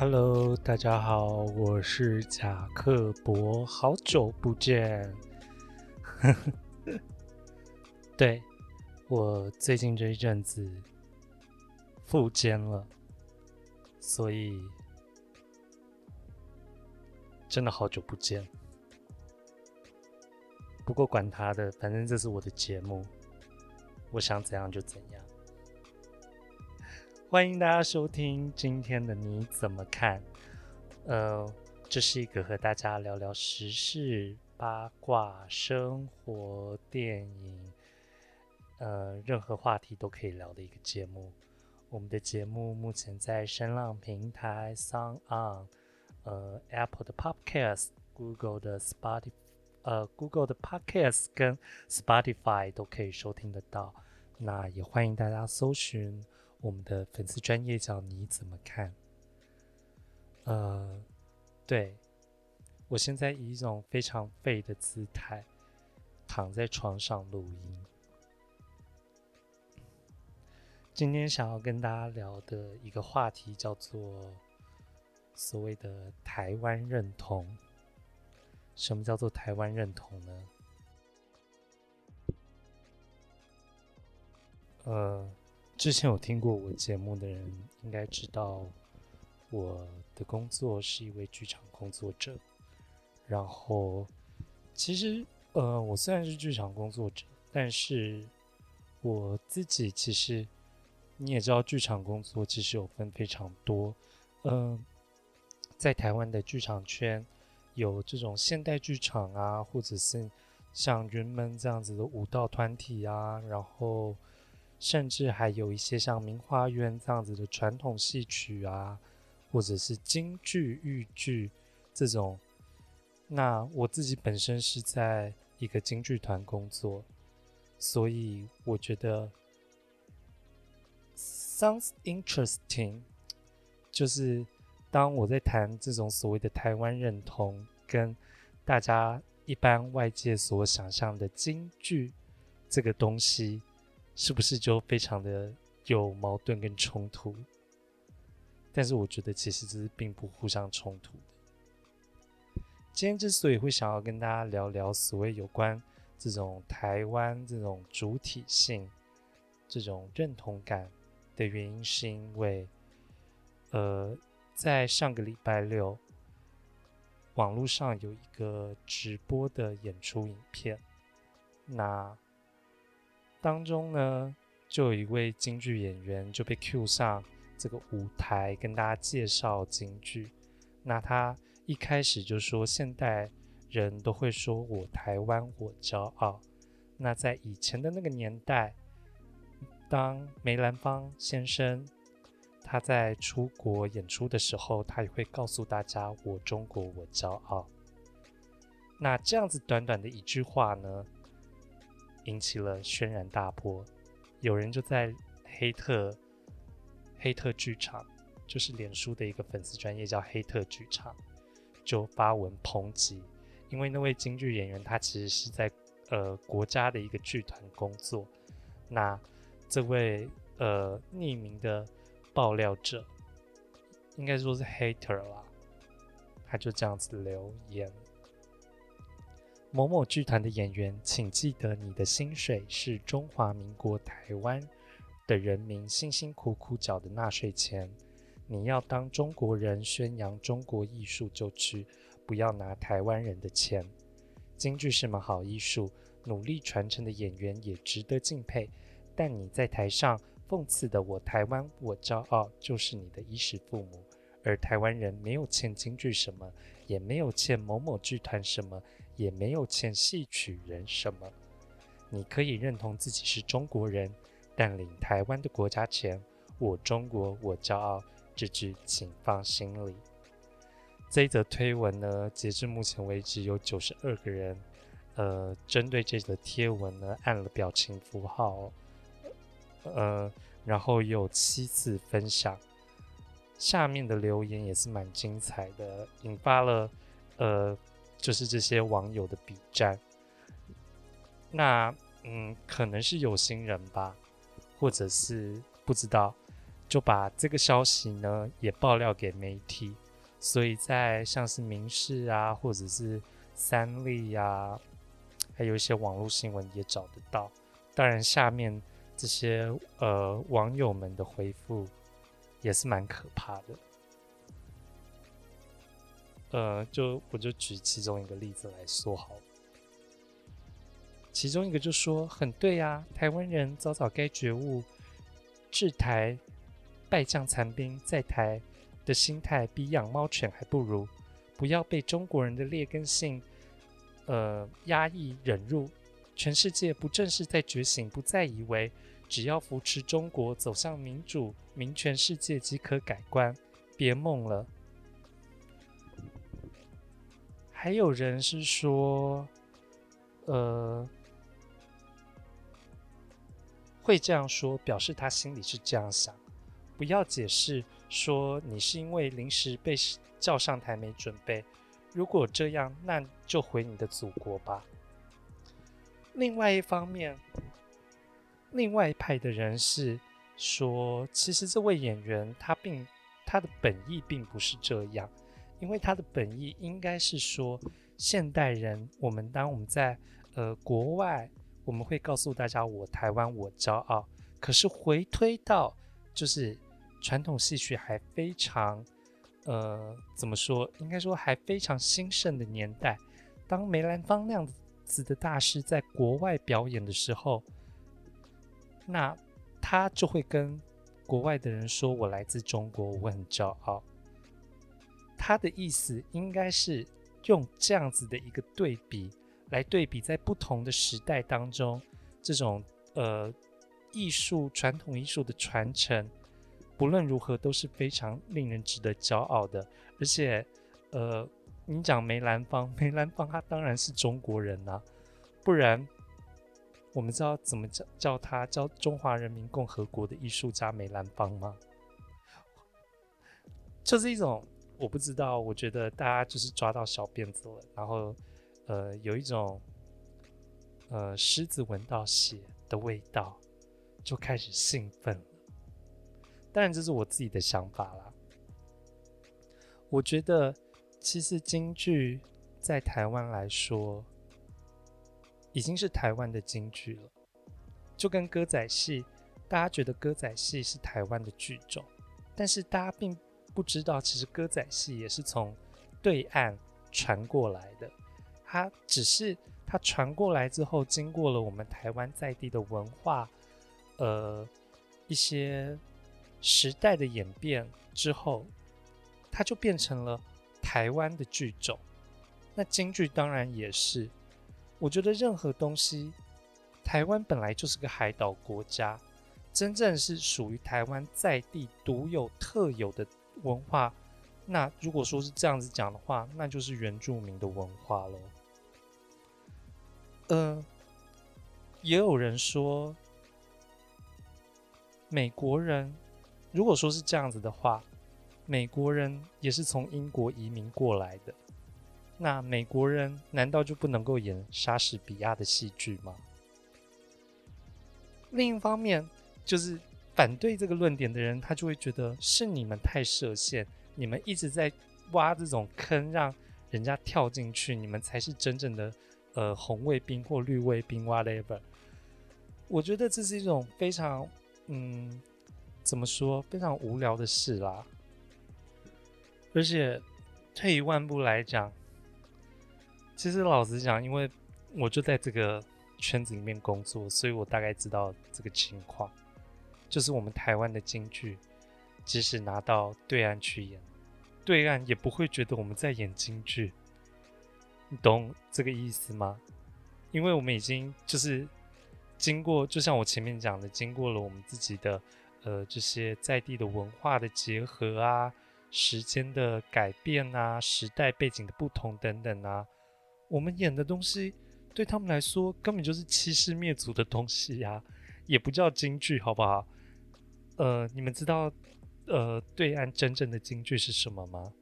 Hello，大家好，我是賈克伯，好久不見。 對，我最近這一陣子富奸了，所以真的好久不見。不過管他的，反正這是我的節目，我想怎樣就怎樣。歡迎大家收聽今天的你怎麼看？呃，這是一個和大家聊聊時事、八卦、生活、電影，呃，任何話題都可以聊的一個節目。我們的節目目前在聲浪平台 on、呃、SoundOn、呃 Apple 的 Podcast、Google 的 Spotify、呃 Google 的 Podcast 跟 Spotify 都可以收聽得到。那也歡迎大家搜尋。我們的粉絲專頁叫你怎麼看？呃，對，我現在以一種非常廢的姿態躺在床上錄音。今天想要跟大家聊的一個話題叫做所謂的台灣認同。什麼叫做台灣認同呢？呃。之前有聽過我節目的人應該知道，我的工作是一位劇場工作者。然後，其實呃，我雖然是劇場工作者，但是我自己其實你也知道，劇場工作其實有分非常多。嗯，在台灣的劇場圈有這種現代劇場啊，或者是像雲門這樣子的舞蹈團體啊，然後。甚至還有一些像明華園這樣子的傳統戲曲啊，或者是京劇、豫劇這種。那我自己本身是在一個京劇團工作，所以我覺得 sounds interesting。就是當我在談這種所謂的台灣認同，跟大家一般外界所想象的京劇這個東西。是不是就非常的有矛盾跟衝突？但是我覺得其實這是並不互相衝突的。今天之所以會想要跟大家聊聊所謂有關這種台灣這種主體性、這種認同感的原因，是因為，呃，在上個禮拜六，網絡上有一個直播的演出影片，那。當中呢，就有一位京劇演員就被 cue 上這個舞台跟大家介紹京劇。那他一開始就說，現代人都會說我“我台灣我驕傲”。那在以前的那個年代，當梅蘭芳先生他在出國演出的時候，他也會告訴大家“我中國我驕傲”。那這樣子短短的一句話呢，引起了軒然大波，有人就在黑特黑特劇場，就是臉書的一個粉絲專頁叫黑特劇場，就發文抨擊，因為那位京劇演員他其實是在呃國家的一個劇團工作，那這位呃匿名的爆料者，應該說是 hater 啦，他就這樣子留言。某某劇團的演員，請記得你的薪水是中華民國台灣的人民辛辛苦苦繳的納稅錢。你要當中國人宣揚中國藝術，就去，不要拿台灣人的錢。京劇是門好藝術，努力傳承的演員也值得敬佩。但你在台上諷刺的我“我台灣，我驕傲”，就是你的衣食父母，而台灣人沒有欠京劇什麼，也沒有欠某某劇團什麼。也沒有欠戲曲人什麼。你可以認同自己是中國人，但領台灣的國家錢，我中國我驕傲，這句請放心裡。這一則推文呢，截至目前為止有九十二個人，呃，針對這則貼文呢按了表情符號、哦，呃，然後有七次分享。下面的留言也是蠻精彩的，引發了，呃。就是這些網友的筆戰，那嗯，可能是有心人吧，或者是不知道，就把這個消息呢也爆料給媒體，所以在像是民視啊，或者是三立啊，還有一些網絡新聞也找得到。當然，下面這些呃網友們的回復也是蠻可怕的。呃，就我就舉其中一個例子來說，好，其中一個就說很對呀，啊，台灣人早早該覺悟，治台敗將殘兵在台的心態比養貓犬還不如，不要被中國人的劣根性，呃壓抑忍辱，全世界不正是在覺醒，不再以為只要扶持中國走向民主民權世界即可改觀，別夢了。還有人是說，呃，會這樣說，表示他心裡是這樣想。不要解釋說你是因為臨時被叫上台沒準備。如果這樣，那就回你的祖國吧。另外一方面，另外一派的人是說，其實這位演員他並他的本意並不是這樣。因為他的本意應該是說，現代人，我們當我們在呃國外，我們會告訴大家我台灣我驕傲。可是回推到就是傳統戲曲還非常呃怎麼說，應該說還非常興盛的年代，當梅蘭芳那樣子的大師在國外表演的時候，那他就會跟國外的人說，我來自中國，我很驕傲。他的意思應該是用這樣子的一個對比來對比，在不同的時代當中，這種呃藝術傳統藝術的傳承，不論如何都是非常令人值得驕傲的。而且，呃，你講梅蘭芳，梅蘭芳他當然是中國人吶、啊，不然我們知道怎麼叫叫他叫中華人民共和國的藝術家梅蘭芳嗎？這、就是一種。我不知道，我覺得大家就是抓到小辮子了，然後，呃，有一種，呃，獅子聞到血的味道，就開始興奮了。當然，這是我自己的想法啦。我覺得，其實京劇在台灣來說，已經是台灣的京劇了，就跟歌仔戲，大家覺得歌仔戲是台灣的劇種，但是大家並。不知道，其實歌仔戲也是從對岸傳過來的。它只是它傳過來之後，經過了我們台灣在地的文化，呃，一些時代的演變之後，它就變成了台灣的劇種。那京劇當然也是。我覺得任何東西，台灣本來就是個海島國家，真正是屬於台灣在地獨有、特有的。文化，那如果說是這樣子講的話，那就是原住民的文化了。嗯、呃，也有人說，美國人如果說是這樣子的話，美國人也是從英國移民過來的，那美國人難道就不能夠演莎士比亞的戲劇嗎？另一方面，就是。反對這個論點的人，他就會覺得，是你們太設限，你們一直在挖這種坑，讓人家跳進去，你們才是真正的呃紅衛兵或綠衛兵，whatever。我覺得這是一種非常嗯，怎麼說非常無聊的事啦。而且退一萬步來講，其實老實講，因為我就在這個圈子裡面工作，所以我大概知道這個情況。就是我們台灣的京劇，即使拿到對岸去演，對岸也不會覺得我們在演京劇。你懂這個意思嗎？因為我們已經就是經過，就像我前面講的，經過了我們自己的呃這些在地的文化的結合啊，時間的改變啊，時代背景的不同等等啊，我們演的東西對他們來說根本就是欺師滅祖的東西呀，啊，也不叫京劇，好不好？呃，你們知道，呃，對岸真正的京劇是什麼嗎？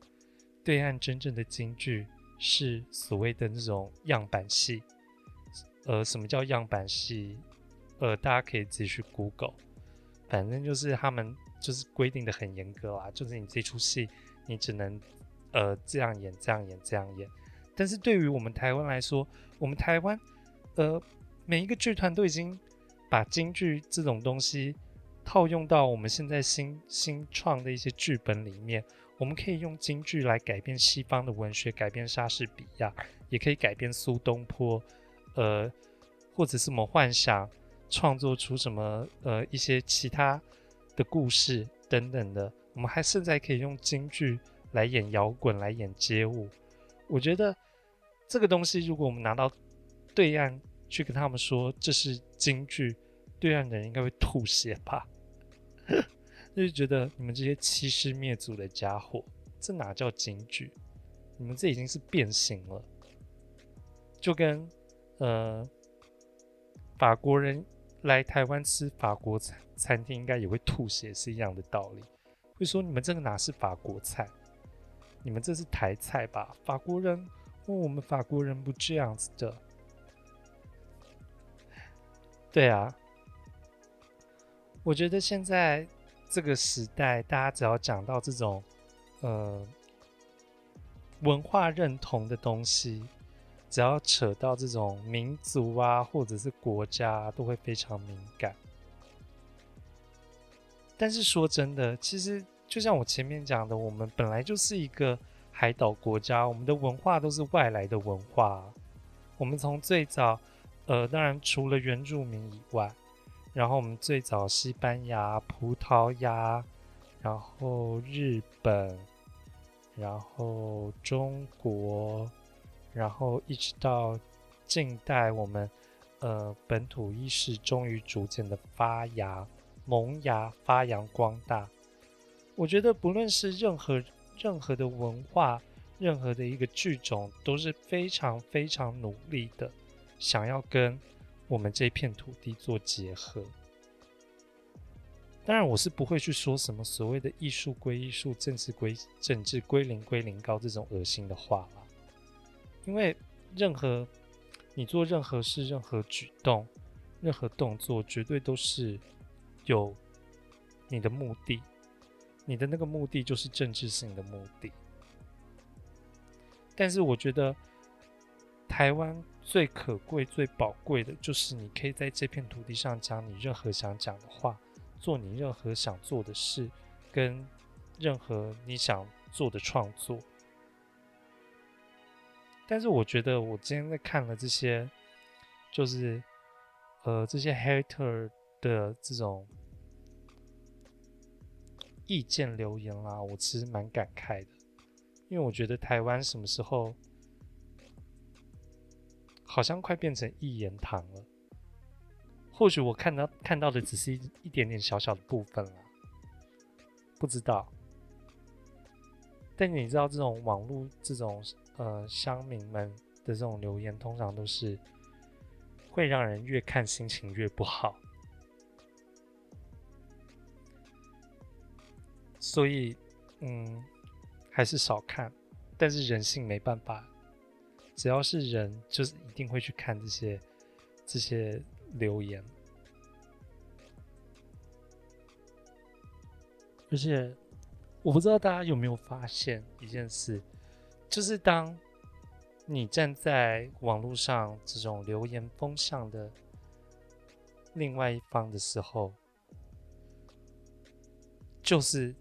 對岸真正的京劇是所謂的那種樣板戲。呃，什麼叫樣板戲？呃，大家可以自己去 Google，反正就是他們就是規定的很嚴格啊，就是你這出戲你只能呃這樣演這樣演這樣演。但是對於我們台灣來說，我們台灣呃每一個劇團都已經把京劇這種東西。套用到我們現在新新創的一些劇本裡面，我們可以用京劇來改編西方的文學，改編莎士比亞，也可以改編蘇東坡，呃，或者是我們幻想創作出什麼呃一些其他的故事等等的。我們還現在可以用京劇來演搖滾，來演街舞。我覺得這個東西，如果我們拿到對岸去跟他們說，這是京劇，對岸的人應該會吐血吧。 就是覺得你們這些欺師滅祖的傢伙，這哪叫京劇？你們這已經是變形了，就跟呃法國人來台灣吃法國餐餐廳，應該也會吐血是一樣的道理。會說你們這個哪是法國菜？你們這是台菜吧？法國人問我們，法國人不這樣子的。對啊。我覺得現在這個時代，大家只要講到這種呃文化認同的東西，只要扯到這種民族啊，或者是國家啊，都會非常敏感。但是說真的，其實就像我前面講的，我們本來就是一個海島國家，我們的文化都是外來的文化。我們從最早，呃，當然除了原住民以外。然後我們最早西班牙、葡萄牙，然後日本，然後中國，然後一直到近代，我們呃本土意識終於逐漸的發芽、萌芽、發揚光大。我覺得不論是任何任何的文化，任何的一個劇種，都是非常非常努力的，想要跟。我們這片土地做結合，當然我是不會去說什麼所謂的藝術歸藝術，政治歸政治，歸零歸零高這種噁心的話，因為任何你做任何事，任何舉動，任何動作，絕對都是有你的目的，你的那個目的就是政治性的目的。但是我覺得。台灣最可貴、最寶貴的就是你可以在這片土地上講你任何想講的話，做你任何想做的事，跟任何你想做的創作。但是我覺得我今天在看了這些，就是呃這些 hater 的這種意見留言啦、啊，我其實蠻感慨的，因為我覺得台灣什麼時候好像快變成一言堂了。或許我看到看到的只是一一點點小小的部分了，不知道。但你知道，這種網絡這種呃鄉民們的這種留言，通常都是會讓人越看心情越不好。所以，嗯，還是少看。但是人性沒辦法。只要是人，就是一定會去看這些這些留言。而且我不知道大家有沒有發現一件事，就是當你站在網絡上這種留言風向的另外一方的時候，就是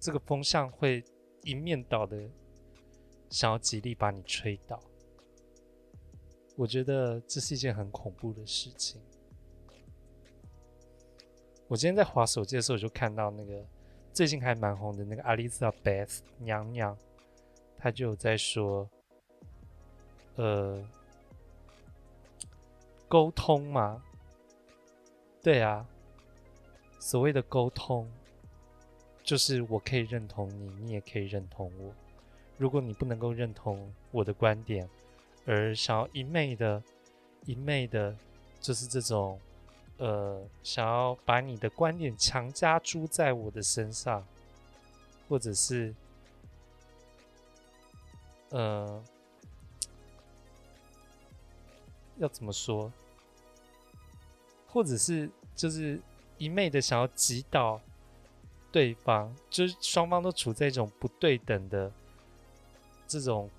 這個風向會一面倒的。想要極力把你吹倒，我覺得這是一件很恐怖的事情。我今天在滑手機的時候，我就看到那個最近還蠻紅的那個 Alizabeth 娘娘，她就有在說：“呃，溝通嘛，對啊，所謂的溝通，就是我可以認同你，你也可以認同我。”如果你不能夠認同我的觀點，而想要一昧的、一昧的，就是這種，呃，想要把你的觀點強加諸在我的身上，或者是，呃，要怎麼說？或者是就是一昧的想要擊倒對方，就是雙方都處在一種不對等的。這種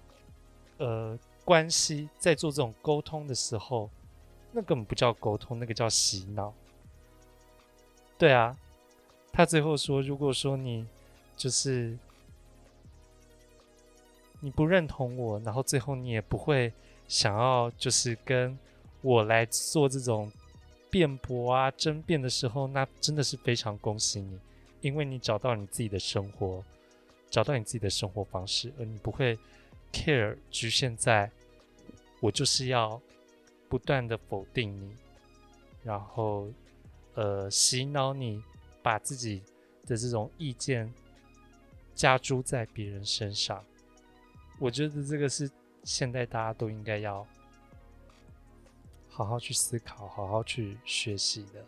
呃關係，在做這種溝通的時候，那根本不叫溝通，那個叫洗腦。對啊，他最後說，如果說你就是你不認同我，然後最後你也不會想要就是跟我來做這種辯駁啊、爭辯的時候，那真的是非常恭喜你，因為你找到你自己的生活。找到你自己的生活方式，而你不會 care 局限，在我就是要不斷的否定你，然後呃洗腦你，把自己的這種意見加諸在別人身上。我覺得這個是現在大家都應該要好好去思考、好好去學習的，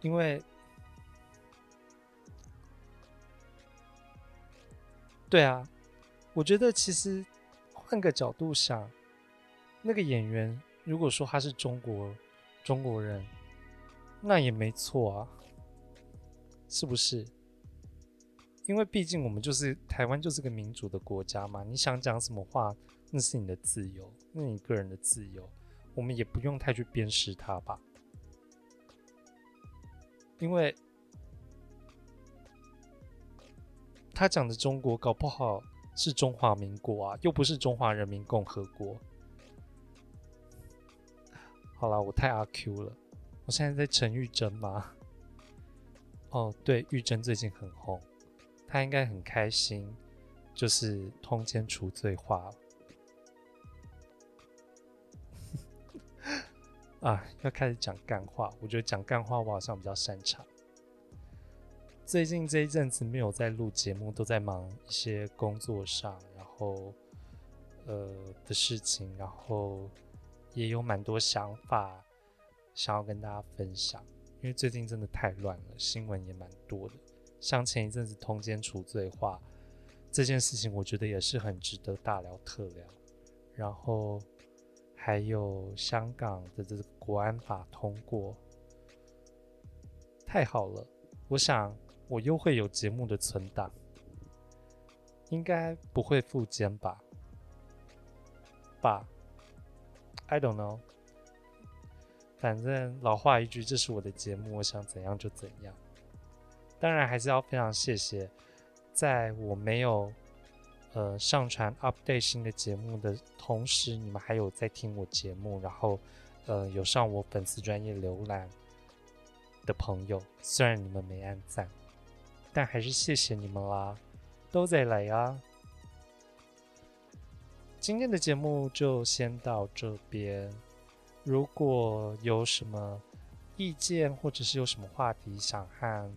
因為。對啊，我覺得其實換個角度想，那個演員如果說他是中國中國人，那也沒錯啊，是不是？因為畢竟我們就是台灣，就是個民主的國家嘛，你想講什麼話那是你的自由，那你個人的自由，我們也不用太去鞭屍他吧，因為。他講的中國搞不好是中華民國啊，又不是中華人民共和國。好了，我太阿 Q 了。我現在在陳玉珍嗎？哦，對，玉珍最近很紅，她應該很開心。就是通姦除罪化。 啊，要開始講幹話，我覺得講幹話我好像比較擅長。最近這一陣子沒有在錄節目，都在忙一些工作上，然後呃的事情，然後也有蠻多想法想要跟大家分享。因為最近真的太亂了，新聞也蠻多的，像前一陣子通姦除罪化這件事情，我覺得也是很值得大聊特聊。然後還有香港的這個國安法通過，太好了，我想。我又會有節目的存檔，應該不會富奸吧？吧？I don't know。反正老話一句，這是我的節目，我想怎樣就怎樣。當然還是要非常謝謝，在我沒有呃上傳 update 新的節目的同時，你們還有在聽我節目，然後呃有上我粉絲專頁瀏覽的朋友，雖然你們沒按讚。但還是謝謝你們啦，都再來啊！今天的節目就先到這邊。如果有什麼意見，或者是有什麼話題想和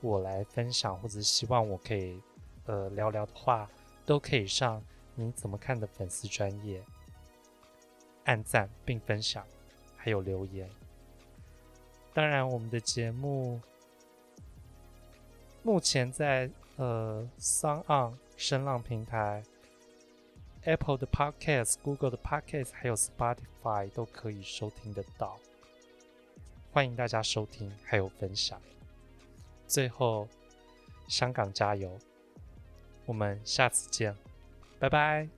我來分享，或者希望我可以呃聊聊的話，都可以上你怎麼看的粉絲專頁，按讚并分享，還有留言。當然，我們的節目。目前在呃 SoundOn 聲浪平台、Apple 的 Podcast、Google 的 Podcast，還有 Spotify 都可以收聽得到。歡迎大家收聽，還有分享。最後，香港加油！我們下次見，拜拜。